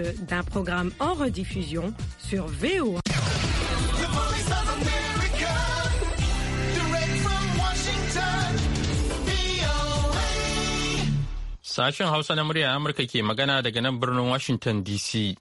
d'un programme en rediffusion sur VO. Sachin Hausa na murya Amurka ke magana daga nan birnin Washington DC.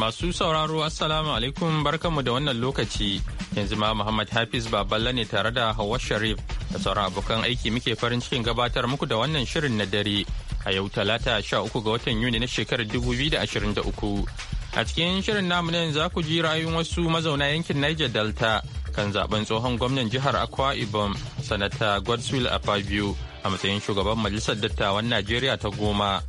Masu sauraro Assalamu alaikum barkanmu da wannan lokaci yanzu ma Muhammad Hafiz Baballa ne tare da Hawa Sharif da sauran abokan aiki muke farin cikin gabatar muku da wannan shirin na dare a yau talata sha uku ga watan yuni na shekarar da uku a cikin shirin namu na za ku ji rayuwar wasu mazauna yankin niger delta kan zaben tsohon gwamnan jihar akwa ibom sanata godswill afabio a matsayin shugaban majalisar dattawan najeriya ta goma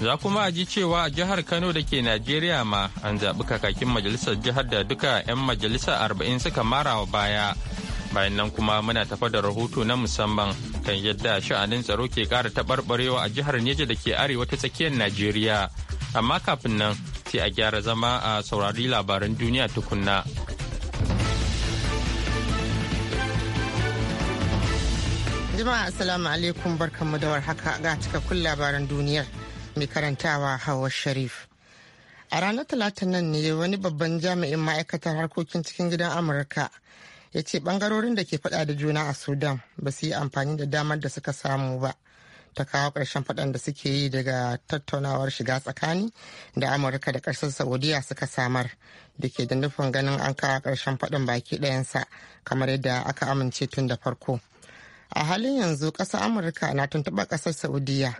za kuma a ji cewa a jihar kano da ke najeriya ma an zaɓi kakakin majalisar jihar da duka 'yan majalisa 40 suka mara wa baya bayan nan kuma muna tafa da rahoto na musamman kan yadda sha'anin tsaro ke kara taɓarɓarewa a jihar Neja da ke arewa ta tsakiyar Najeriya. Amma kafin nan sai a gyara zama a saurari labaran duniya tukunna. Jama'a Assalamu alaikum barkanmu da warhaka ga cikakkun labaran duniyar mai karantawa Hawa Sharif. A ranar talata nan ne wani babban jami'in ma'aikatar harkokin cikin gidan Amurka ya ce bangarorin da ke fada da juna a sudan ba su yi amfani da damar da suka samu ba ta kawo ƙarshen faɗan da suke yi daga tattaunawar shiga tsakani da amurka da ƙasar saudiya suka samar da ke da nufin ganin an kawo ƙarshen faɗan baki ɗayansa kamar yadda aka amince tun da farko a halin yanzu ƙasar amurka na tuntuɓar ƙasar saudiya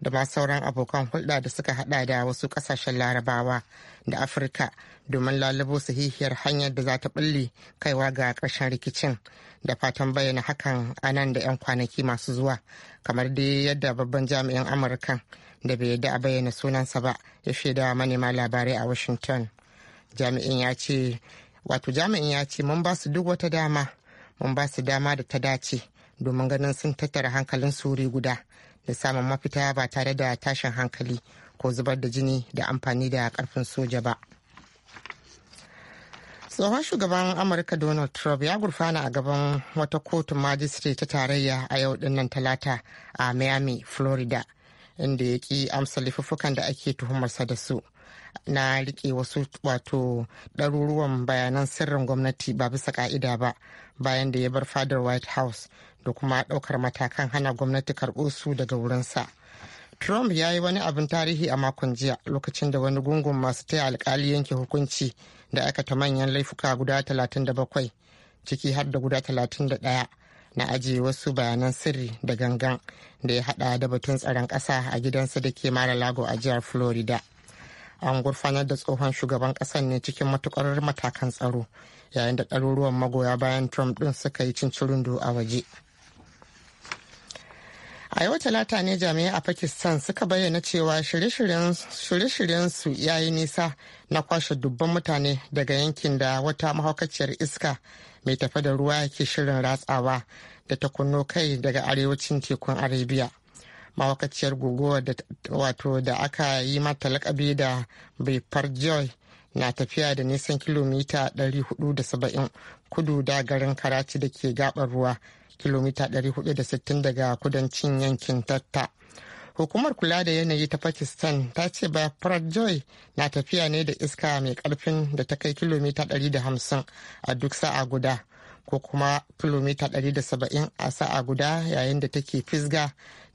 da ma sauran abokan hulɗa da suka hada da wasu ƙasashen larabawa da afirka domin lalubo sahihiyar hanyar da za ta bulle kaiwa ga ƙarshen rikicin da fatan bayyana hakan a nan da 'yan kwanaki masu zuwa kamar dai yadda babban jami'in amurkan da bai yadda a bayyana sunansa ba ya shaida manema labarai a washington jami'in ya ce wato jami'in ya ce mun ba su duk wata dama mun ba su dama da ta dace domin ganin sun tattara hankalin su guda da samun mafita ba tare da tashin hankali ko zubar da jini da amfani da karfin soja ba tsohon shugaban amurka donald trump ya gurfana a gaban wata kotun majistare ta tarayya a yau dinnan talata a miami florida inda ya ki amsa lifuffukan da ake tuhumarsa da su na rike wasu wato ɗaruruwan bayanan sirrin gwamnati ba bisa ka'ida ba bayan da ya bar fadar white house da kuma ɗaukar matakan hana gwamnati karɓo su daga wurinsa. Trump ya yi wani abin tarihi a makon jiya lokacin da wani gungun masu taya alkali yanke hukunci da aikata manyan laifuka guda 37 ciki har da guda 31 na ajiye wasu bayanan sirri da gangan da ya hada da batun tsaron ƙasa a gidansa da ke mara lago a jihar Florida. An gurfanar da tsohon shugaban ƙasar ne cikin matukar matakan tsaro yayin da ɗaruruwan magoya bayan Trump ɗin suka yi cincirindo a waje. a yau talata ne jami'ai a pakistan suka bayyana cewa shirye-shiryen su ya yi nisa na kwashe dubban mutane daga yankin da wata mahaukaciyar iska mai tafe da ruwa ke shirin ratsawa da ta kunno kai daga arewacin tekun arabia mahaukaciyar guguwa wato da aka yi mata lakabi da joy na tafiya da nisan kilomita 470 kudu da garin karatu da ke gabar ruwa kilomita 460 daga kudancin yankin tatta. Hukumar kula da yanayi ta Pakistan ta ce ba Joy na tafiya ne da iska mai karfin da ta kai kilomita 150 a duk sa'a guda ko kuma kilomita 170 a sa'a guda yayin da take fisga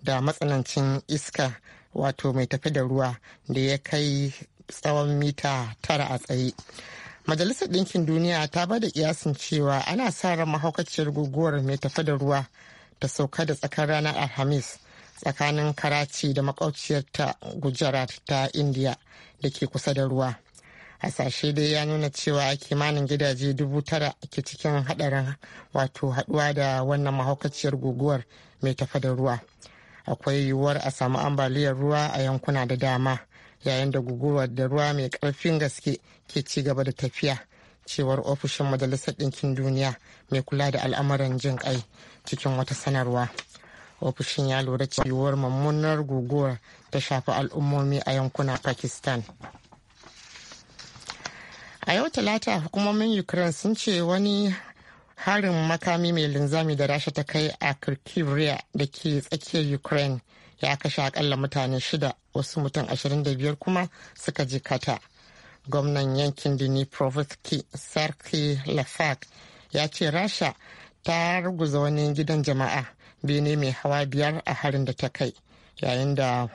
da matsanancin iska wato mai tafi da ruwa da ya kai tsawon mita tara a tsaye. Majalisar Ɗinkin Duniya ta ba da kiyasin cewa ana sa ran mahaukaciyar guguwar mai tafi da ruwa ta sauka da tsakar ranar Alhamis tsakanin Karachi da makwabciyarta Gujarat ta indiya da ke kusa da ruwa. hasashe dai ya nuna cewa kimanin gidaje dubu tara ke cikin haɗarin wato haɗuwa da wannan mahaukaciyar guguwar mai tafi da ruwa akwai yiwuwar a samu ambaliyar ruwa a yankuna da dama yayin da guguwar da ruwa mai karfin gaske ke ci gaba da tafiya cewar ofishin majalisar ɗinkin duniya mai kula da al'amuran jin kai cikin wata sanarwa ofishin ya lura cewar mummunar guguwar ta shafi al'ummomi a yankuna pakistan a yau talata hukumomin ukraine sun ce wani harin makami mai linzami da rasha ta kai a kirkiriya da ke tsakiyar ukraine ya kashe akalla mutane shida wasu mutum 25 kuma suka jikata gwamnan yankin dini provostki sarki lafak ya ce rasha ta ruguza wani gidan jama'a bene mai hawa biyar a harin da ta kai yayin da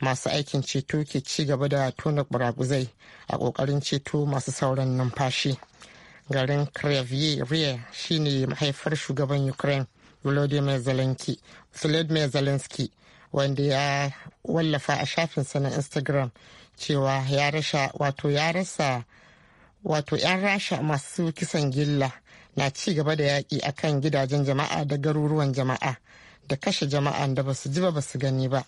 masu aikin ceto ke ci gaba da tona buraguzai a kokarin ceto masu sauran numfashi garin shi shine mahaifar shugaban ukraine volodymyr zelensky wanda ya wallafa a shafinsa na instagram cewa ya rasa wato ya rasa wato 'yan rasha masu kisan gilla na ci gaba da yaƙi a kan gidajen jama'a da garuruwan jama'a da kashe jama'a da ba su ji ba su gani ba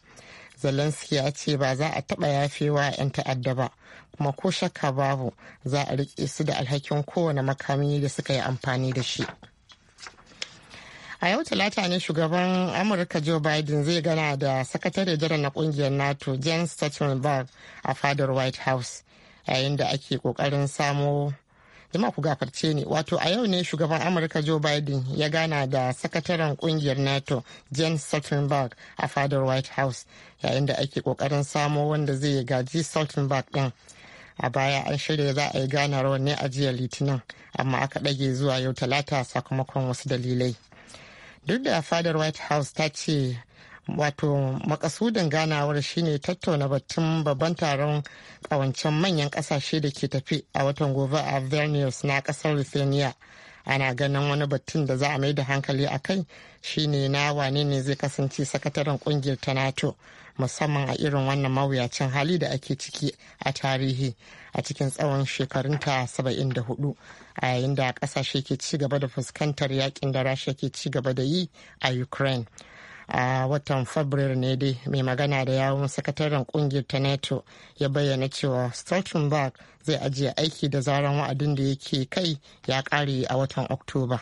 zelensky ya ce ba za a taɓa yafewa 'yan ta'adda ba kuma ko shakka babu za a riƙe su da alhakin kowane makami da suka yi amfani da shi. a yau talata ne shugaban amurka joe biden zai gana da sakatare jiran na kungiyar nato jen stoltenberg a fadar white house yayin da ake kokarin samo jama ku gafarce ne wato a yau ne shugaban amurka joe biden ya gana da sakataren kungiyar nato jen stoltenberg a fadar white house yayin da ake kokarin samo wanda zai gaji stoltenberg din a baya an shirya za a yi ganarwa ne a jiya litinin amma aka ɗage zuwa yau talata sakamakon wasu dalilai duk da fadar white house ta ce wato makasudin ganawar shine tattauna batun babban taron kawancen manyan kasashe da ke tafi a watan gobe a vilnius na kasar lithuania ana ganin wani batun da za a mai da hankali a kai shine na wane ne zai kasance sakataren kungiyar ta nato musamman a irin wannan mawuyacin hali da ake ciki a tarihi a cikin tsawon ta 74 a yayin da kasashe ke ci gaba da fuskantar yakin da rasha ke ci gaba da yi a ukraine a watan fabrairu ne dai mai magana da yawon sakataren kungiyar ta nato ya bayyana cewa stoltenberg zai ajiye aiki da zaran wa'adin da yake kai ya kare a watan oktoba.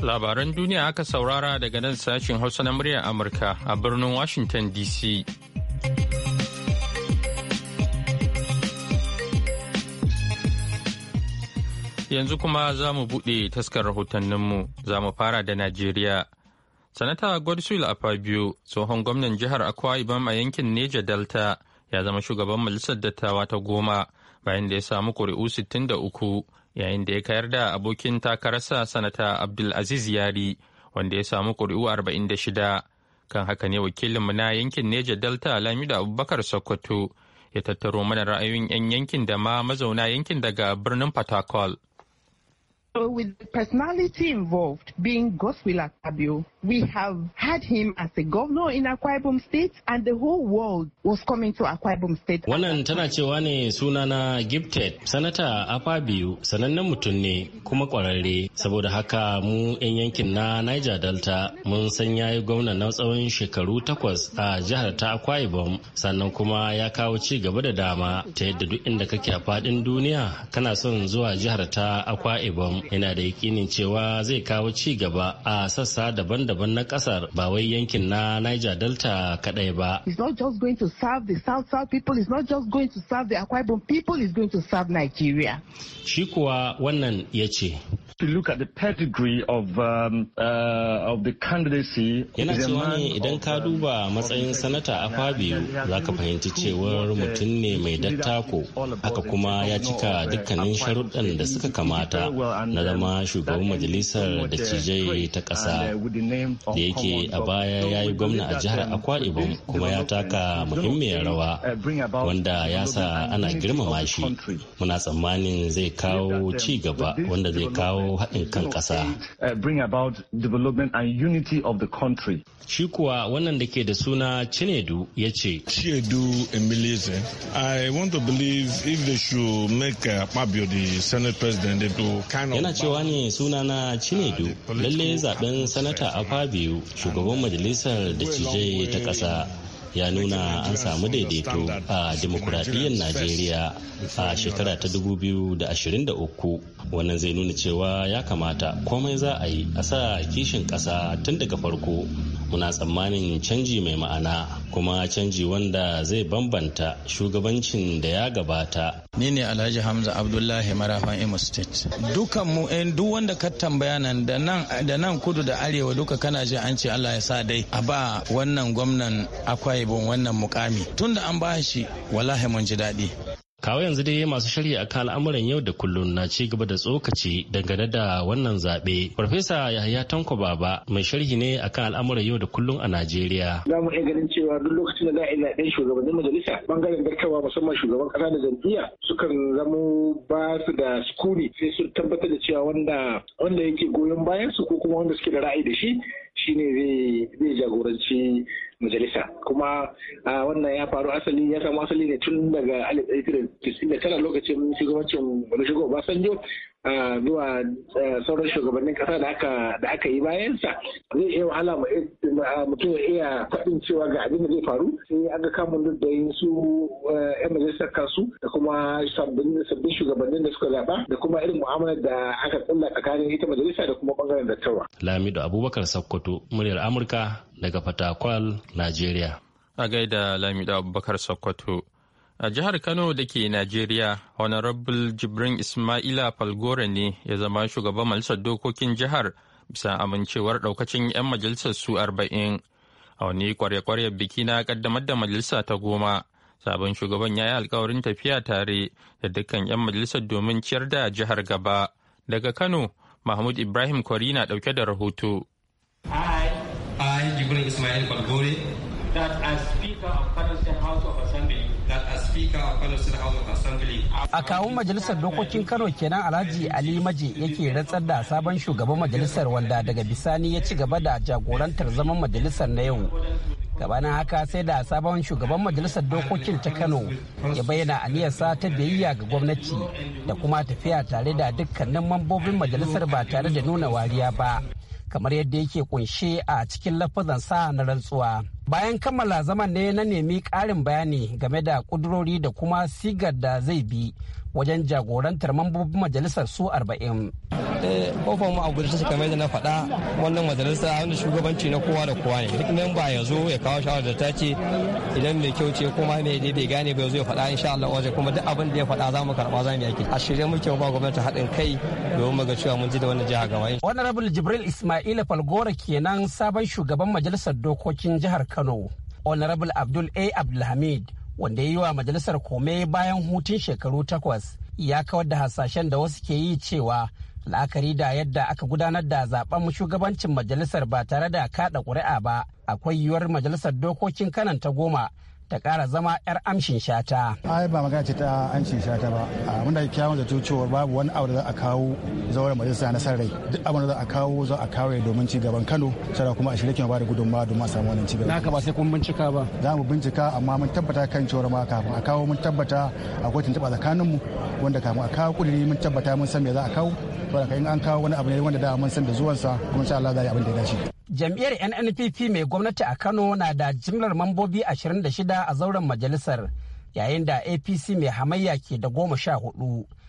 Labaran duniya aka saurara daga nan sashin Hausa na muryar Amurka a birnin Washington DC. Yanzu kuma za mu buɗe taskar rahotanninmu za mu fara da Najeriya. Sanata Godswill Afabio, tsohon gwamnan jihar Akwa Ibom a yankin Neja Delta, ya zama shugaban majalisar dattawa ta goma bayan da ya samu ƙuri'u 63 yayin da ya kayar da abokin takararsa sanata abdulaziz yari wanda ya samu ƙuri'u 46 kan haka ne wakilinmu na yankin neja delta lamida abubakar sokoto ya tattaro mana ra'ayoyin 'yan yankin da ma mazauna yankin daga birnin patakol. So with the personality involved being Godswill abio We have had him as a governor in Akwa Ibom State and the whole world was coming to Akwa Ibom State. Wannan tana cewa ne sunana Gifted, Sanata Afabiyu, sanannen mutum ne kuma kwararre saboda haka mu 'yan yankin na Niger Delta mun san yayi gwamna na tsawon shekaru takwas a jihar ta Akwa Ibom sannan kuma ya kawo ci gaba da dama ta yadda duk inda kake a faɗin duniya kana son zuwa jihar ta Akwa Ibom yana da yakinin cewa zai kawo ci gaba a sassa daban daban-daban na kasar ba wai yankin na Niger Delta kadai ba. It's not just going to serve the South South people, it's not just going to serve the Akwa Ibom people, it's going to serve Nigeria. Shi kuwa wannan ya ce to look at the pedigree of um, uh, Yana cewa ne idan ka um, duba matsayin sanata a Fabio za ka fahimci cewar mutum ne mai dattako haka kuma ya cika dukkanin sharuɗan da suka kamata na zama shugaban majalisar da cijai ta ƙasa da yake a baya ya yi gwamna a jihar Akwa Ibom kuma ya taka muhimmiyar rawa wanda ya sa ana girmama shi muna tsammanin zai kawo ci gaba wanda zai kawo kawo haɗin kan ƙasa. Uh, Shi kuwa wannan da ke da suna Chinedu ya ce. Chinedu Emilese, I want to believe if they should make Akpabio uh, the Senate President, they do kind of... Yana cewa ne sunana Chinedu, lalle zaben Sanata Akpabio, shugaban majalisar da cije ta ƙasa. ya nuna an samu daidaito a demokuraɗiyyar najeriya a shekara ta 2023 wannan zai nuna cewa ya kamata komai za a yi a sa kishin ƙasa tun daga farko muna tsammanin canji mai ma'ana kuma canji wanda zai bambanta shugabancin da ya gabata ni ne alhaji hamza abdullahi marafan imo state dukan mu eh, duk wanda ka tambaya nan da nan kudu da arewa duka kana ji an ce allah ya sa dai a ba wannan gwamnan akwai bin wannan mukami tunda an ba shi wallahi mun ji daɗi kawo yanzu dai masu a akan al'amuran yau da kullun na ci gaba da tsokaci dangane da wannan zaɓe. Farfesa Yahaya Tanko Baba mai sharhi ne akan al'amuran yau da kullun a Najeriya. Za mu iya ganin cewa duk lokacin da za a yi zaɓen shugabannin majalisa bangaren dattawa musamman shugaban ƙasa da jam'iyya sukan zama ba su da sukuni sai su tabbatar da cewa wanda wanda yake goyon bayan su ko kuma wanda suke da ra'ayi da shi shine zai jagoranci majalisa kuma a wannan ya faru asali ya samu asali ne tun daga 1999 lokacin shugabancin Olusegun basanjo zuwa sauran shugabannin kasa da aka yi bayansa zai iya wahala eh, mutum iya faɗin cewa ga abin da zai faru sai aka kama duddayin su yan eh, majalisar kansu da kuma sabbin shugabannin da suka zaɓa da kuma irin mu'amalar da aka tsalla tsakanin ita majalisa da kuma bangaren dattawa. Lamido Abubakar Sakkwato muryar Amurka daga Fatakwal, Najeriya. A gaida Lamido Abubakar Sakkwato. A jihar Kano da ke Najeriya, Honorable Jibrin Ismaila Falgore ne ya zama shugaban majalisar dokokin jihar bisa amincewar ɗaukacin 'yan majalisar su arba'in. A wani kwarya kwarya biki na kaddamar da majalisa ta goma, sabon shugaban ya yi alkawarin tafiya tare da dukkan 'yan majalisar domin ciyar da jihar gaba. Daga Kano, Mahmud Ibrahim Kwari na ɗauke da rahoto. Ismail Falgore, A kawun majalisar dokokin Kano kenan Alhaji Ali Maje yake ratsar da sabon shugaban majalisar wanda daga bisani ya ci gaba da jagorantar zaman majalisar na yau. gabanin haka sai da sabon shugaban majalisar dokokin ta kano ya bayyana aniyarsa ta biyayya ga gwamnati da kuma tafiya tare da dukkanin mambobin majalisar ba tare da nuna wariya ba kamar yadda yake kunshe a cikin lafazan sa na rantsuwa. Bayan kammala zaman ne na nemi ƙarin bayani game da ƙudurori da kuma sigar da zai bi wajen jagorantar mambobin majalisar su arba'in. Eh, kofar mu a gudu su kamar yadda na faɗa wannan majalisa wanda shugabanci na kowa da kowa ne duk memba ya zo ya kawo shawarar da ta ce idan mai kyau ce kuma mai daidai gane ya zo ya faɗa insha Allah waje kuma duk abin da ya faɗa za mu karɓa za mu yake a shirye muke ba gwamnati haɗin kai domin mu ga cewa mun ji da wannan jiha gaba rabul jibril isma'il falgora kenan sabon shugaban majalisar dokokin jihar kano honorable abdul a abdulhamid wanda ya yi wa majalisar kome bayan hutun shekaru takwas ya kawar da hasashen da wasu ke yi cewa la'akari da yadda aka gudanar da zaben shugabancin majalisar ba tare da kada ƙuri'a ba akwai yiwuwar majalisar dokokin kanan ta goma ta ƙara zama 'yar amshin shata. ai ba magana ce ta amshin shata ba a muna kyawun zato cewa babu wani abu da za a kawo zauren majalisa na san rai duk abu da za a kawo za a kawo domin ci gaban kano sannan kuma a shirya ke ba da gudunmawa domin a samu wannan ci gaba. naka ba sai kun bincika ba. za mu bincika amma mun tabbata kan cewa ma kafin a kawo mun tabbata akwai tuntuɓa tsakaninmu wanda kafin a kawo kudiri mun tabbata mun san me za a kawo saboda in an kawo wani abu ne wanda da mun san da zuwansa kuma insha Allah za a yi abin da ya dace jam'iyyar nnpp mai gwamnati a kano na da jimlar mambobi 26 a zauren majalisar yayin da apc mai hamayya ke da goma sha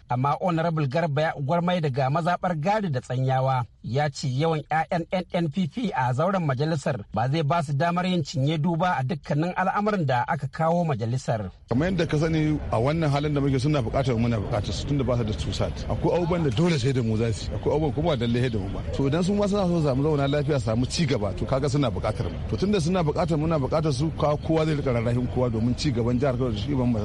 amma honorable garba ya gwarmai daga mazaɓar gadi da tsanyawa ya ce yawan 'ya'yan nnpp a zauren majalisar ba zai ba su damar yin cinye duba a dukkanin al'amarin da aka kawo majalisar kamar yadda ka sani a wannan halin da muke suna bukatar muna bukatar su tunda ba su da tusat akwai abubuwan da dole sai da mu za su akwai abubuwan kuma da lalle da mu ba to idan sun ma suna so samu zauna lafiya samu ci gaba to kaga suna bukatar mu to tunda suna bukatar muna bukatar su ka kowa zai rika rarrahin kowa domin ci gaban jihar Kano shi ban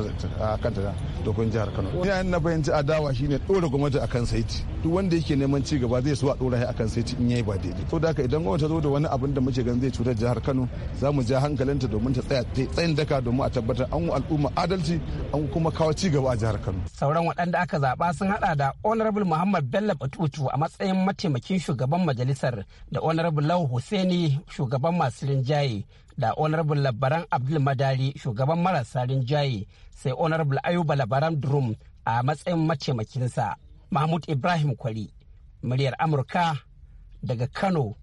a kanta da dokon jihar Kano ina na fahimci adawa shine dora gwamnati akan saiti duk wanda yake neman ci gaba zai so a dora akan sai in yayi ba daidai to da haka idan gwamnati ta zo da wani abin da muke ganin zai cutar jihar Kano za mu ja hankalinta domin ta tsaya tsayin daka domin a tabbatar an al'umma adalci an kuma kawo ci gaba a jihar Kano sauran waɗanda aka zaba sun hada da honorable Muhammad Bello Batutu a matsayin mataimakin shugaban majalisar da honorable Lau Hussaini shugaban masu rinjaye da honorable labaran abdul madari shugaban marasa rinjaye sai honorable ayuba labaran drum a matsayin mataimakin sa mahmud ibrahim kwari muryar amurka daga kano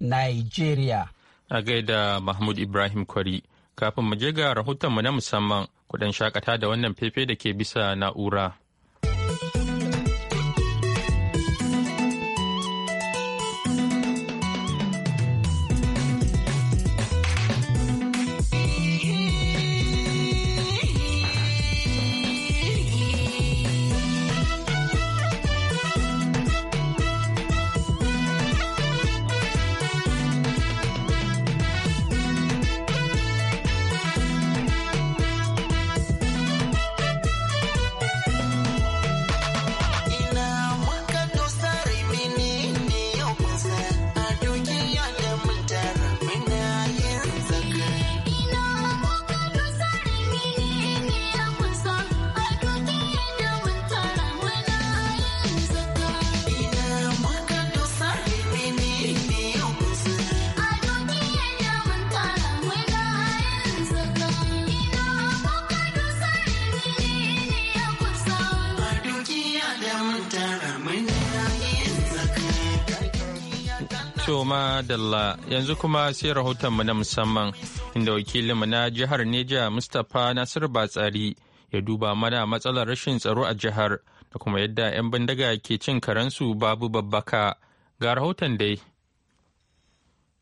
nigeria a gaida mahmud ibrahim kwari kafin mu je ga rahoton mu na musamman kudan shakata da wannan fefe da ke bisa na'ura Madalla yanzu kuma sai rahoton mu na musamman inda wakilinmu na jihar Neja Mustapha Nasiru Batsari ya duba mana matsalar rashin tsaro a jihar da kuma yadda 'yan bindiga ke cin karensu babu babbaka ga rahoton dai.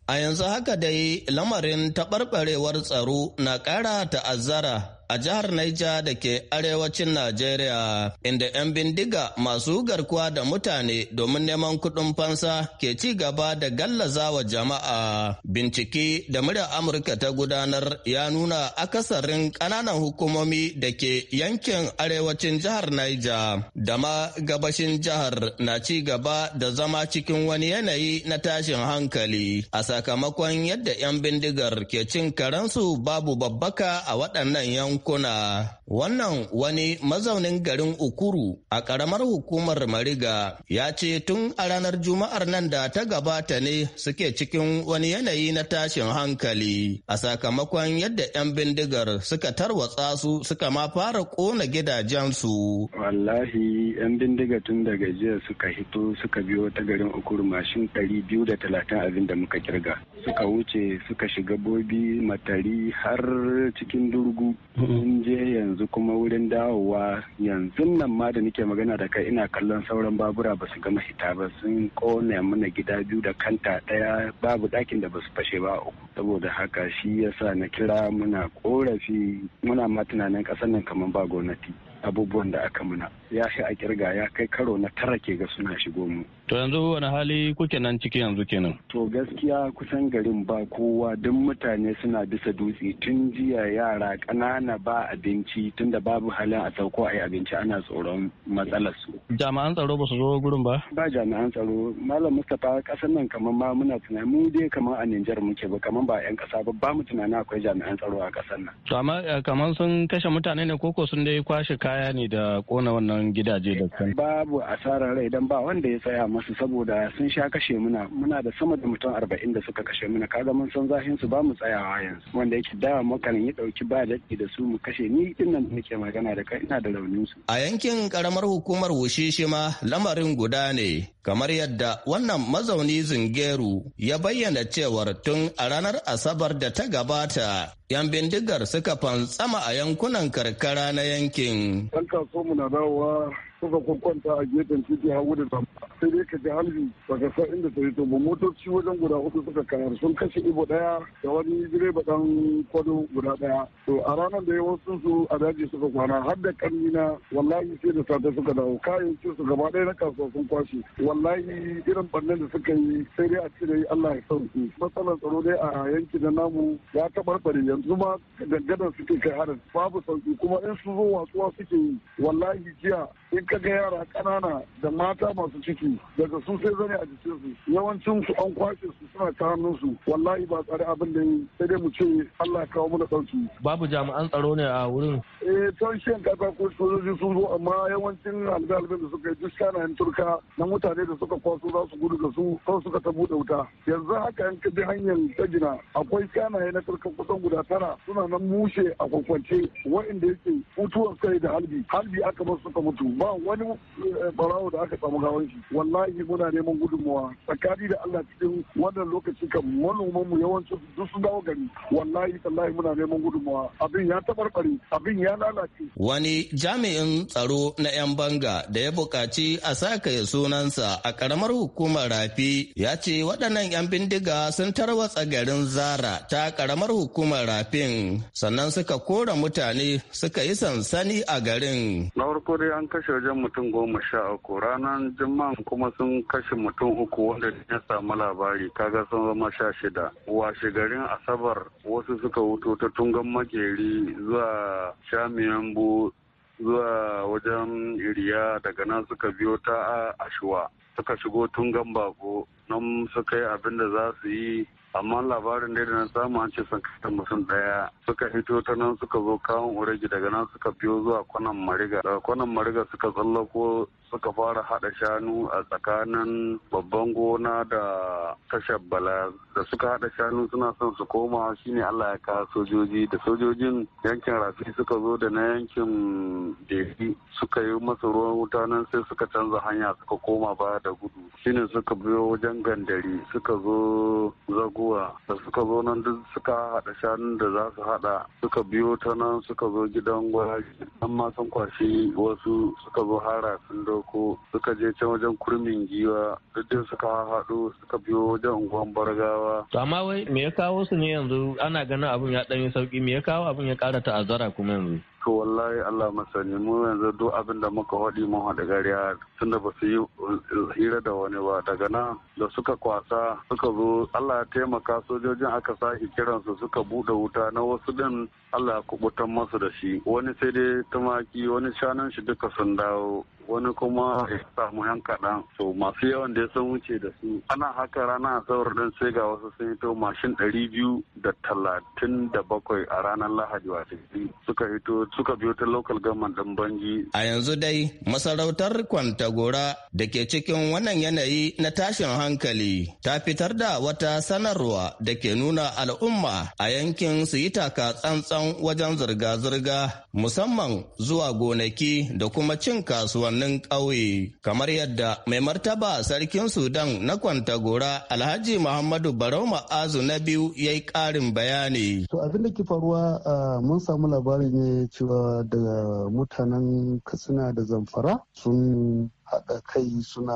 A yanzu haka dai lamarin taɓarɓarewar tsaro na ƙara ta'azzara a jihar Naija da ke arewacin Najeriya, inda 'yan bindiga masu garkuwa da mutane domin neman kuɗin fansa ke ci gaba da gallazawa jama'a. Bincike da muryar Amurka ta gudanar ya nuna akasarin ƙananan hukumomi da ke yankin arewacin jihar Naija da ma gabashin jihar na ci gaba da zama cikin wani yanayi na tashin hankali a sakamakon yadda 'yan bindigar ke cin karensu babu babbaka a waɗannan yankunan. yankuna. Wannan wani mazaunin garin Ukuru a ƙaramar hukumar Mariga ya ce tun a ranar Juma'ar nan da ta gabata ne suke cikin wani yanayi na tashin hankali a sakamakon yadda 'yan bindigar suka tarwatsa su suka ma fara ƙona gidajensu. Wallahi 'yan bindiga tun daga jiya suka hito suka biyo ta garin Ukuru mashin ɗari biyu da talatin abin da muka kirga. Suka wuce suka shiga bobi matari har cikin durgu Mun je yanzu kuma wurin dawowa yanzu nan ma da nake magana da kai ina kallon sauran babura ba su gama hita ba sun kone mana gida biyu da kanta daya babu dakin da ba su fashe ba uku saboda haka shi yasa na kira muna korafi muna ma tunanin kasar nan kamar ba gwamnati abubuwan da aka muna ya shi a kirga ya kai karo na tara ke ga suna shigo mu to yanzu wani hali kuke nan ciki yanzu kenan to gaskiya kusan garin ba kowa duk mutane suna bisa dutse tun jiya yara ƙanana ba abinci tunda babu halin a sauko a yi abinci ana tsoron matsalar su jami'an tsaro ba su zo gurin ba ba jami'an tsaro malam mustapha ƙasar nan kamar ma muna tunani mu dai kamar a Nijar muke ba kamar ba 'yan ƙasa ba ba mu tunanin akwai jami'an tsaro a ƙasar nan to amma eh, kamar sun kashe mutane ne koko sun dai kwashe kaya ne da kona wannan gidaje da kan babu asarar rai idan ba wanda ya tsaya masu saboda sun sha kashe muna muna da sama da mutum arba'in da suka kashe muna kaga mun san zahin su ba mu tsayawa yanzu wanda yake dawa makarin ya dauki ba daɗi da su mu kashe ni din nan nake magana da kai ina da raunin su a yankin karamar hukumar wushishi ma lamarin guda ne kamar yadda wannan mazauni zingeru ya bayyana cewar tun a ranar asabar da ta gabata 'yan bindigar suka fantsama a yankunan karkara na yankin. Yan kasuwa na dawowa suka kwakwanta a gefen titi hagu da zama sai dai ka ji halbi baka san inda ta to ba motoci wajen guda hudu suka kayar sun kashe ibo daya da wani direba dan kwado guda daya to a ranar da sun su a daji suka kwana har da karnina wallahi sai da sata suka dawo kayan su gaba ɗaya na kasuwa sun kwashe wallahi irin bannan da suka yi sai dai a cire Allah ya sauke matsalar tsaro dai a yankin da namu ya tabarbare yanzu ma gangadan suke kai harin babu sauki kuma in su zo watsuwa suke yi wallahi jiya in ka yara ƙanana da mata masu ciki daga su sai zane a jikinsu yawancin su an kwashe su suna ta su wallahi ba tsare abin da yi sai dai mu ce Allah ya kawo mana ɗauki. Babu jami'an tsaro ne a wurin. Eh taushen kasa ko sojoji sun zo amma yawancin algalibin da suka yi duk shanayen turka na mutane da suka kwaso za su gudu da su sau suka ta buɗe wuta. Yanzu haka yan bi hanyar gina akwai shanaye na turka kusan guda tara suna nan mushe a kwakwance wa'inda yake mutuwar kai da halbi halbi aka bar suka mutu ba wani eh, barawo da aka samu gawan shi wallahi muna neman gudunmawa tsakani da Allah cikin wannan lokaci kan manoman mu yawanci duk sun dawo gari wallahi tallahi muna neman gudunmawa abin ya tabarbare abin ya lalace wani jami'in tsaro na yan banga da ya buƙaci a saka ya sunansa a karamar hukumar rafi ya ce waɗannan yan bindiga sun tarwatsa garin zara ta karamar hukumar rafin sannan suka kora mutane suka yi sansani a garin na farko dai an kashe wajen mutum goma sha uku ranar juma'an kuma sun kashe mutum uku wanda ya samu labari kaga sun zama sha shida washe garin asabar wasu suka wuto ta tungan makeri zuwa bu zuwa wajen iriya daga nan suka biyo ta ashuwa suka shigo tungan bako nan suka yi abin da za su yi amma labarin da na samu an ce sun kashe mutum daya suka fito ta nan suka zo kawon uragi daga nan suka biyo zuwa kwanan mariga daga kwanan mariga suka tsallako suka fara hada shanu a tsakanin babban gona da tashar bala da suka hada shanu suna son su koma shine allah ya ka sojoji da sojojin yankin rafi suka zo da na yankin defi suka yi masa ruwan wuta nan sai suka canza hanya suka koma baya da gudu shine suka biyo wajen gangan dare suka zo zaguwa da suka zo nan duk suka haɗa shanun da za su haɗa suka biyo ta nan suka zo gidan gwaji an ma san kwashi wasu suka zo hara sun doko suka je can wajen kurmin giwa duk suka haɗu suka biyo wajen unguwan bargawa. to amma wai me ya kawo su ne yanzu ana ganin abin ya ɗanyi sauki me ya kawo abin ya ƙara ta'azzara kuma yanzu. to wallahi Allah masani mu yanzu duk abin da muka haɗi mun haɗa gariya tunda ba su yi hira da wani ba daga nan da suka kwasa suka zo Allah ya taimaka sojojin aka sa kiransu suka buɗe wuta na wasu din Allah ya kubutan masu da shi wani sai dai tumaki wani shanun shi duka sun dawo wani kuma ah. ya samu yan kaɗan so masu yawan da ya san wuce da su ana haka rana asabar din sai ga wasu sun hito mashin ɗari biyu da talatin da bakwai a ranar lahadi wato suka hito suka biyo ta Lokal government ɗin banji a yanzu dai masarautar kwantagora da ke cikin wannan yanayi na tashin hankali ta fitar da wata sanarwa da ke nuna al'umma a yankin su yi taka tsantsan tsaron wajen zirga-zirga musamman zuwa gonaki da kuma cin kasuwannin ƙauye kamar yadda mai martaba sarkin sudan na kwantagora alhaji muhammadu barau ma'azu na biyu ya yi ƙarin bayani to abin da ke faruwa mun samu labarin ne cewa daga mutanen katsina da zamfara sun haɗa kai suna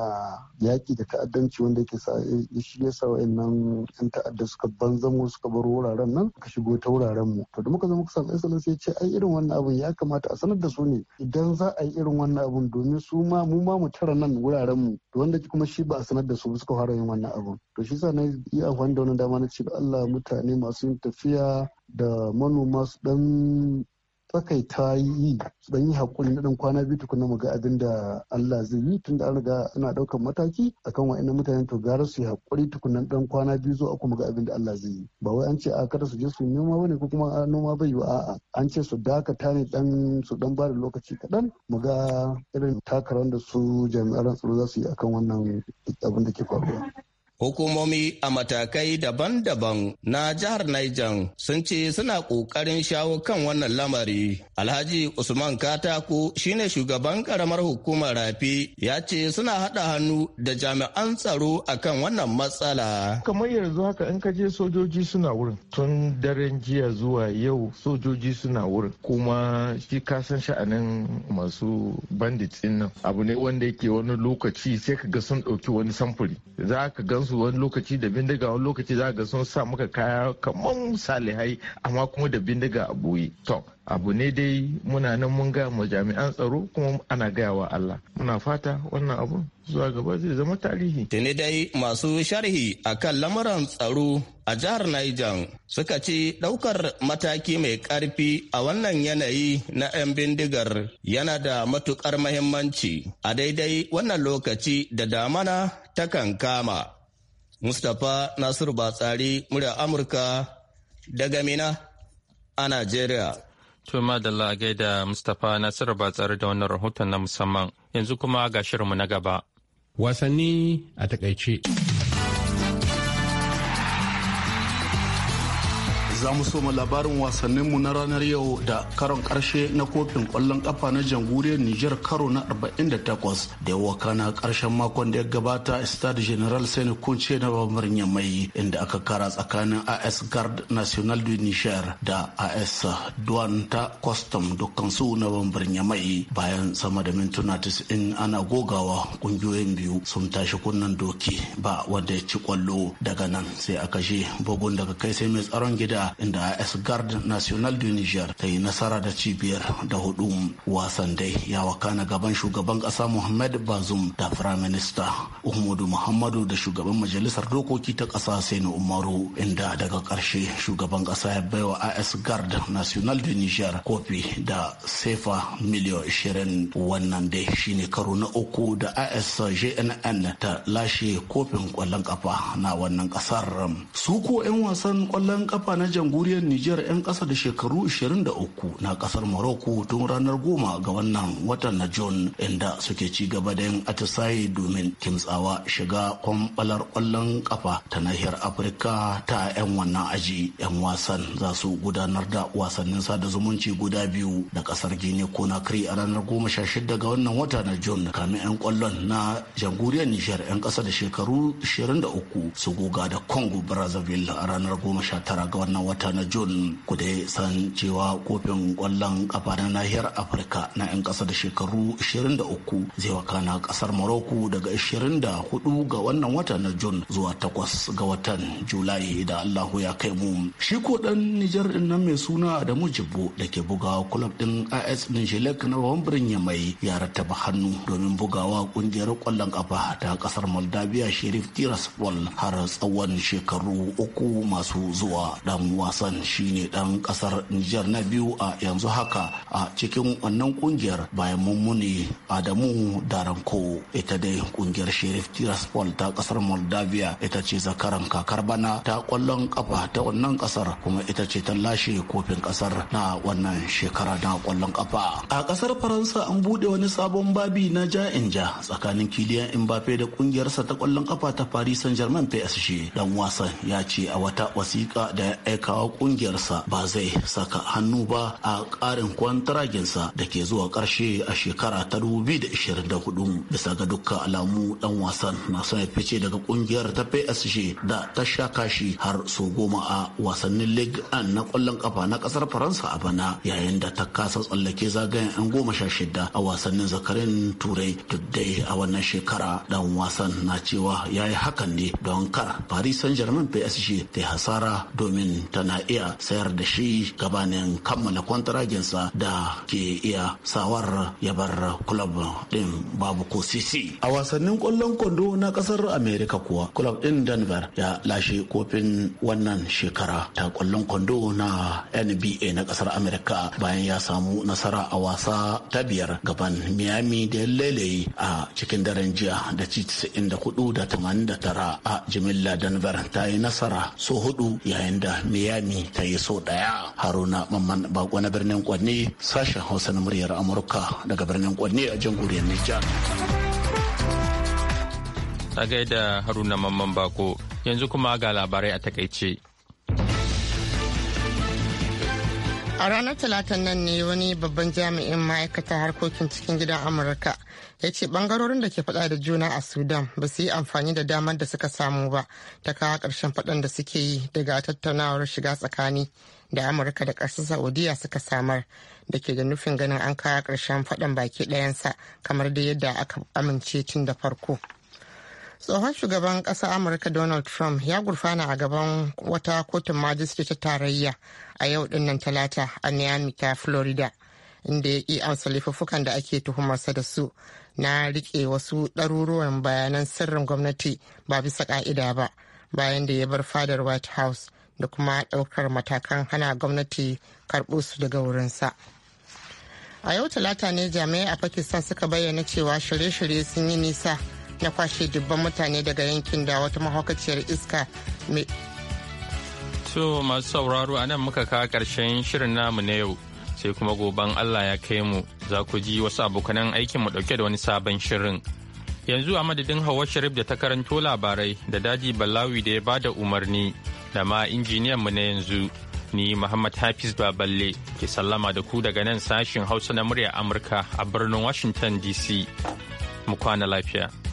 yaƙi da ta'addanci wanda yake sa ya shirya sa wa'annan yan ta'adda suka banzamo suka bar wuraren nan ka shigo ta wuraren mu to da muka zo muka samu sai ya ce ai irin wannan abun ya kamata a sanar da su ne idan za a yi irin wannan abun domin su ma mu ma mu tara nan wuraren mu to wanda kuma shi ba a sanar da su suka fara yin wannan abun to shi sa na yi amfani da wannan dama na ce Allah mutane masu yin tafiya da manoma su dan tsakaita yi dan yi hakuri na dan kwana biyu tukuna mu ga abin da Allah zai yi tun da an riga ana daukan mataki akan ina mutanen to gara su yi hakuri tukuna dan kwana biyu zo aku mu ga abin da Allah zai yi ba wai an ce a kada su je su noma bane ko kuma noma bai yi a'a an ce su dakata ne dan su dan ba lokaci kaɗan mu ga irin takarar da su jami'an tsaro za su yi akan wannan abin da ke faruwa. Hukumomi a matakai daban-daban na jihar Niger sun ce suna ƙoƙarin shawo kan wannan lamari. Alhaji Usman Katako shine shugaban ƙaramar hukumar Rafi ya ce suna haɗa hannu da jami'an tsaro a kan wannan matsala. Kamar yanzu haka in ka je sojoji suna wurin tun daren jiya zuwa yau sojoji suna wurin kuma shi kasan sha'anin masu bandit nan abu ne wanda yake wani lokaci sai ka ga sun ɗauki wani samfuri za ka gansu su wani lokaci da bindiga wani lokaci za ga sun sa maka kaya kamar salihai amma kuma da bindiga a boye to abu ne dai muna nan mun gaya ma jami'an tsaro kuma ana gaya wa Allah muna fata wannan abu zuwa gaba zai zama tarihi tene dai masu sharhi akan lamuran tsaro a jihar Niger suka ce daukar mataki mai karfi a wannan yanayi na 'yan bindigar yana da matukar mahimmanci a daidai wannan lokaci da damana takan kama Mustapha Nasiru Batsari murya Amurka daga Mina a Najeriya. To lagai da Mustapha Nasiru Batsari da wannan rahoton na musamman yanzu kuma ga shirinmu na gaba. Wasanni a takaice. za mu soma labarin wasanninmu na ranar yau da karon karshe na kofin kwallon kafa na jamhuriyar Nijar karo na 48 da yawa na karshen makon da ya gabata Stade General Sani Kunce na Bamarin Yamai inda aka kara tsakanin AS Guard National du Niger da AS Duan ta Custom su na Bamarin Yamai bayan sama da mintuna 90 ana gogawa kungiyoyin biyu sun tashi kunnan doki ba wanda ya ci kwallo daga nan sai aka je bugun daga kai sai mai tsaron gida inda AS Guard National du Niger ta yi nasara da cibiyar da hudu wasan dai ya wakana gaban shugaban kasa Muhammad Bazoum da Prime Minister Uhmudu Muhammadu da shugaban majalisar dokoki ta kasa Sani Umaru inda daga karshe shugaban kasa ya baiwa AS Guard National du Niger kofi da sefa miliyan 20 wannan dai shine karo na uku da AS JNN ta lashe kofin kwallon kafa na wannan kasar su ko 'yan wasan kwallon kafa na jamhuriyar Nijar 'yan ƙasa da shekaru 23 na ƙasar Morocco tun ranar goma ga wannan watan na John inda suke ci gaba da yin atisaye domin kimtsawa shiga kwambalar ƙwallon ƙafa ta nahiyar Afirka ta 'yan wannan aji 'yan wasan za su gudanar da wasannin sada zumunci guda biyu da ƙasar Guinea Conakry a ranar goma sha shida ga wannan wata na Jun kamin 'yan ƙwallon na jamhuriyar Nijar 'yan ƙasa da shekaru 23 su goga da Congo Brazzaville a ranar goma sha tara ga wannan wata na june ku dai san cewa kofin kwallon kafa na nahiyar afirka na 'yan ƙasa da shekaru 23 zai wakana ƙasar morocco daga 24 ga wannan wata na jun zuwa 8 ga watan julai da allahu ya kai mu shi ko dan nijar din nan mai suna da mujibu da ke buga kulab din as nijilek na rawan birnin mai ya rattaba hannu domin bugawa kungiyar kwallon kafa ta kasar moldavia sheriff tiraspol har tsawon shekaru uku masu zuwa dan wasan shine dan kasar niger na biyu a yanzu haka a cikin wannan kungiyar bayan mummuni Adamu Daranko ita dai kungiyar Sheriff Tiraspol ta kasar Moldavia ita ce zakaran kakar bana ta kwallon kafa ta wannan kasar kuma ita ce ta lashe kofin kasar na wannan shekara na kwallon kafa a kasar Faransa an bude wani sabon babi na ja'in ja tsakanin Kylian Mbappe da kungiyarsa ta kwallon kafa ta Paris Saint-Germain PSG dan wasan ya ce a wata wasiƙa da ya kawo kungiyarsa ba zai saka hannu ba a ƙarin kwantaraginsa da ke zuwa karshe a shekara ta 2024 bisa ga dukkan alamu dan wasan na son ya fice daga kungiyar ta PSG da ta sha kashi har so goma a wasannin league an na kwallon kafa na ƙasar Faransa a bana yayin da ta kasa tsallake zagayen 'yan goma sha shida a wasannin zakarin Turai duk dai a wannan shekara dan wasan na cewa ya yi hakan ne don kar Paris Saint-Germain PSG ta hasara domin tana iya sayar da shi gabanin kammala kwantaraginsa da ke iya sawar ya bar kulab din babu ko sisi a wasannin kwallon kwando na kasar america kuwa kulab din denver ya lashe kofin wannan shekara ta kwallon kwando na nba na kasar america bayan ya samu nasara a wasa ta biyar gaban miami da lele a cikin daren jiya da ci 94 da 89 a jimilla denver ta yi nasara so hudu yayin da me. Yami ta yi so ɗaya. Haruna Mamman Bako na birnin Kwanne sashen Hausa na muryar Amurka daga birnin Kwanne a jamhuriyar Nijar. A gaida Haruna Mamman Bako yanzu kuma ga labarai a takaice. a ranar talatan nan ne wani babban jami'in ma'aikatar harkokin cikin gidan amurka ya ce bangarorin da ke fada da juna a sudan ba su yi amfani da damar da suka samu ba ta kawo karshen fadan da suke yi daga tattaunawar shiga tsakani da amurka da ƙasar saudiya suka samar da ke da nufin ganin an kawo karshen fadan baki ɗayansa kamar da yadda aka amince tun da farko. tsohon shugaban ƙasa amurka donald trump ya gurfana a gaban wata kotun majistri ta tarayya a yau dinnan talata a miami ta florida inda ya ki amsa laifuffukan da ake tuhumarsa da su na rike wasu ɗaruruwan bayanan sirrin gwamnati ba bisa ƙa'ida ba bayan da ya bar fadar white house da kuma ɗaukar matakan hana gwamnati karɓo su daga wurinsa a yau talata ne jami'ai a pakistan suka bayyana cewa shirye-shirye sun yi nisa ta kwashe dubban mutane daga yankin da wata mahaukaciyar iska mai so masu sauraro a nan muka kawo ƙarshen shirin namu na yau sai kuma goban Allah ya kai mu za ku ji wasu abokanan aikin mu ɗauke da wani sabon shirin yanzu a madadin hawa sharif da ta karanto labarai da daji balawi da ya ba da umarni da ma injiniyan mu na yanzu ni Muhammad Hafiz Baballe ke sallama da ku daga nan sashin Hausa na murya Amurka a birnin Washington DC mu kwana lafiya.